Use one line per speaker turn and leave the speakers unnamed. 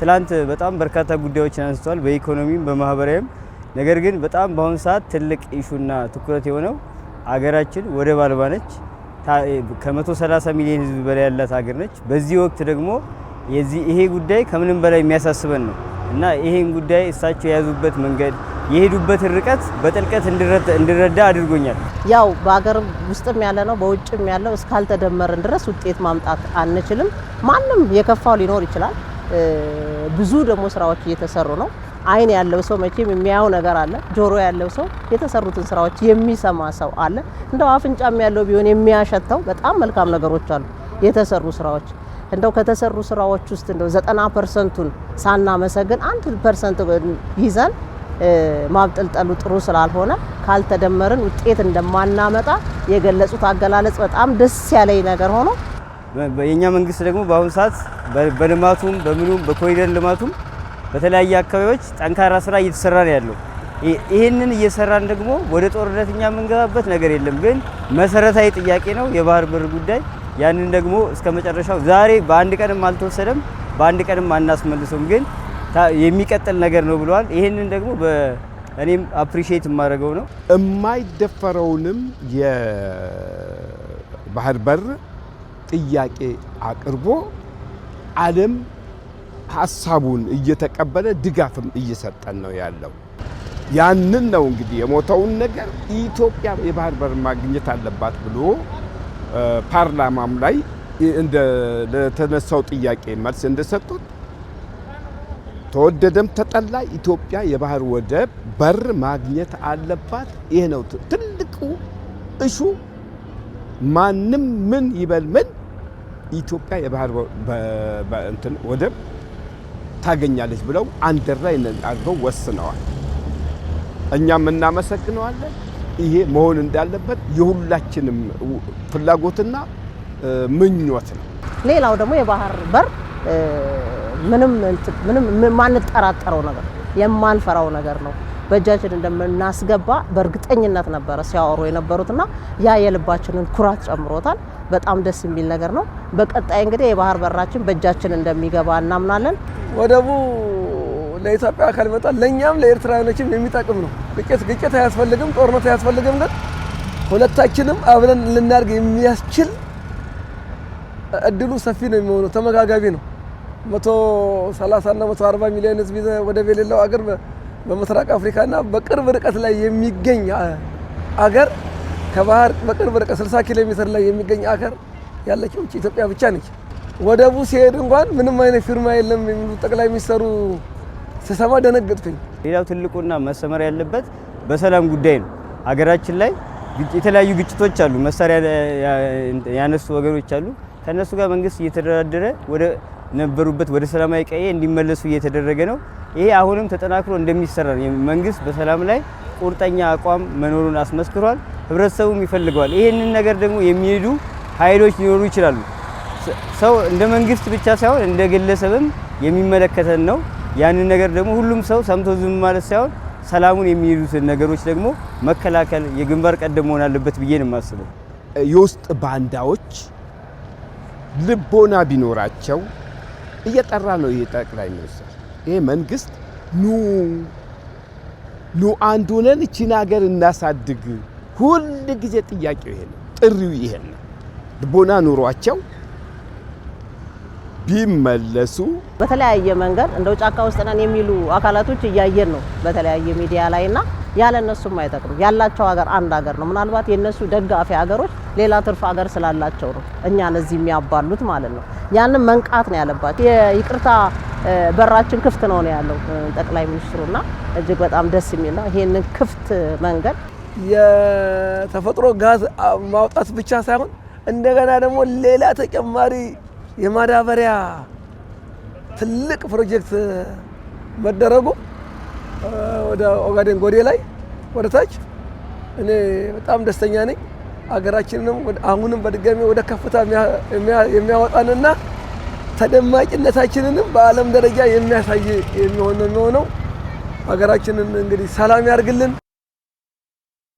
ትላንት በጣም በርካታ ጉዳዮችን አንስተዋል፣ በኢኮኖሚም በማህበራዊም። ነገር ግን በጣም በአሁኑ ሰዓት ትልቅ ኢሹና ትኩረት የሆነው አገራችን ወደብ አልባ ነች። ከ130 ሚሊዮን ህዝብ በላይ ያላት ሀገር ነች። በዚህ ወቅት ደግሞ ይሄ ጉዳይ ከምንም በላይ የሚያሳስበን ነው እና ይሄን ጉዳይ እሳቸው የያዙበት መንገድ የሄዱበትን ርቀት በጥልቀት እንድረዳ አድርጎኛል።
ያው በሀገር ውስጥም ያለ ነው በውጭም ያለው እስካልተደመርን ድረስ ውጤት ማምጣት አንችልም። ማንም የከፋው ሊኖር ይችላል ብዙ ደግሞ ስራዎች እየተሰሩ ነው። አይን ያለው ሰው መቼም የሚያየው ነገር አለ። ጆሮ ያለው ሰው የተሰሩትን ስራዎች የሚሰማ ሰው አለ። እንደው አፍንጫም ያለው ቢሆን የሚያሸተው በጣም መልካም ነገሮች አሉ የተሰሩ ስራዎች። እንደው ከተሰሩ ስራዎች ውስጥ እንደው ዘጠና ፐርሰንቱን ሳናመሰግን አንድ ፐርሰንት ይዘን ማብጠልጠሉ ጥሩ ስላልሆነ ካልተደመርን ውጤት እንደማናመጣ የገለጹት አገላለጽ በጣም ደስ ያለኝ ነገር ሆኖ
የእኛ መንግስት ደግሞ በአሁኑ ሰዓት በልማቱም በምኑም በኮሪደር ልማቱም በተለያየ አካባቢዎች ጠንካራ ስራ እየተሰራ ነው ያለው። ይህንን እየሰራን ደግሞ ወደ ጦርነት እኛ የምንገባበት ነገር የለም። ግን መሰረታዊ ጥያቄ ነው የባህር በር ጉዳይ። ያንን ደግሞ እስከ መጨረሻው ዛሬ በአንድ ቀንም አልተወሰደም፣ በአንድ ቀንም አናስመልሰውም ግን የሚቀጥል ነገር ነው ብለዋል። ይህንን ደግሞ እኔም አፕሪሺየት የማደርገው ነው
የማይደፈረውንም የባህር በር ጥያቄ አቅርቦ ዓለም ሀሳቡን እየተቀበለ ድጋፍም እየሰጠን ነው ያለው። ያንን ነው እንግዲህ የሞተውን ነገር ኢትዮጵያ የባህር በር ማግኘት አለባት ብሎ ፓርላማም ላይ ለተነሳው ጥያቄ መልስ እንደሰጡት ተወደደም ተጠላ ኢትዮጵያ የባህር ወደብ በር ማግኘት አለባት። ይሄ ነው ትልቁ እሹ። ማንም ምን ይበል ምን ኢትዮጵያ የባህር ወደብ ታገኛለች ብለው አንድ ላይ አድርገው ወስነዋል። እኛም እናመሰግነዋለን። ይሄ መሆን እንዳለበት የሁላችንም ፍላጎትና ምኞት ነው።
ሌላው ደግሞ የባህር በር ምንም የማንጠራጠረው ነገር የማንፈራው ነገር ነው። በእጃችን እንደምናስገባ በእርግጠኝነት ነበረ ሲያወሩ የነበሩትና ያ የልባችንን ኩራት ጨምሮታል። በጣም ደስ የሚል ነገር ነው። በቀጣይ እንግዲህ የባህር በራችን በእጃችን እንደሚገባ እናምናለን።
ወደቡ ለኢትዮጵያ አካል ይመጣል፣ ለእኛም ለኤርትራውያኖችም የሚጠቅም ነው። ግጭት ግጭት አያስፈልግም፣ ጦርነት አያስፈልግም። ግን ሁለታችንም አብረን ልናድግ የሚያስችል እድሉ ሰፊ ነው የሚሆነው። ተመጋጋቢ ነው። መቶ ሰላሳ እና መቶ አርባ ሚሊዮን ህዝብ ወደብ የሌለው አገር በምስራቅ አፍሪካና በቅርብ ርቀት ላይ የሚገኝ አገር ከባህር በቅርብ ርቀት 60 ኪሎ ሜትር ላይ የሚገኝ አከር ያለችው ኢትዮጵያ ብቻ ነች። ወደቡ ሲሄድ እንኳን ምንም አይነት ፊርማ የለም የሚሉ ጠቅላይ ሚኒስተሩ ስሰማ ደነገጥኩኝ።
ሌላው ትልቁና መሰመር ያለበት በሰላም ጉዳይ ነው። ሀገራችን ላይ የተለያዩ ግጭቶች አሉ፣ መሳሪያ ያነሱ ወገኖች አሉ። ከእነሱ ጋር መንግስት እየተደራደረ ወደ ነበሩበት ወደ ሰላማዊ ቀዬ እንዲመለሱ እየተደረገ ነው። ይሄ አሁንም ተጠናክሮ እንደሚሰራ ነው። መንግስት በሰላም ላይ ቁርጠኛ አቋም መኖሩን አስመስክሯል። ህብረተሰቡም ይፈልገዋል። ይህንን ነገር ደግሞ የሚሄዱ ኃይሎች ሊኖሩ ይችላሉ። ሰው እንደ መንግስት ብቻ ሳይሆን እንደ ግለሰብም የሚመለከተን ነው። ያንን ነገር ደግሞ ሁሉም ሰው ሰምቶ ዝም ማለት ሳይሆን ሰላሙን የሚሄዱትን ነገሮች ደግሞ መከላከል የግንባር ቀደም መሆን አለበት ብዬ ነው የማስበው።
የውስጥ ባንዳዎች ልቦና ቢኖራቸው እየጠራ ነው። ይሄ ጠቅላይ ሚኒስትር ይሄ መንግስት ኑ ኑ አንድ ሆነን እቺን ሀገር እናሳድግ ሁል ጊዜ ጥያቄው ይሄ ነው፣ ጥሪው ይሄ ነው። ልቦና ኑሯቸው ቢመለሱ
በተለያየ መንገድ እንደው ጫካ ውስጥ ነን የሚሉ አካላቶች እያየን ነው በተለያየ ሚዲያ ላይ እና ያለ እነሱም አይጠቅም። ያላቸው ሀገር አንድ ሀገር ነው። ምናልባት የእነሱ ደጋፊ ሀገሮች ሌላ ትርፍ ሀገር ስላላቸው ነው እኛን እዚህ የሚያባሉት ማለት ነው። ያንን መንቃት ነው ያለባቸው። የይቅርታ በራችን ክፍት ነው ነው ያለው ጠቅላይ ሚኒስትሩና እጅግ በጣም ደስ የሚል ነው። ይሄንን ክፍት መንገድ
የተፈጥሮ ጋዝ ማውጣት ብቻ ሳይሆን እንደገና ደግሞ ሌላ ተጨማሪ የማዳበሪያ ትልቅ ፕሮጀክት መደረጉ ወደ ኦጋዴን ጎዴ ላይ ወደ ታች እኔ በጣም ደስተኛ ነኝ። አገራችንንም አሁንም በድጋሚ ወደ ከፍታ የሚያወጣንና ተደማጭነታችንንም በዓለም ደረጃ የሚያሳይ የሚሆን የሚሆነው ሀገራችንን እንግዲህ ሰላም ያርግልን።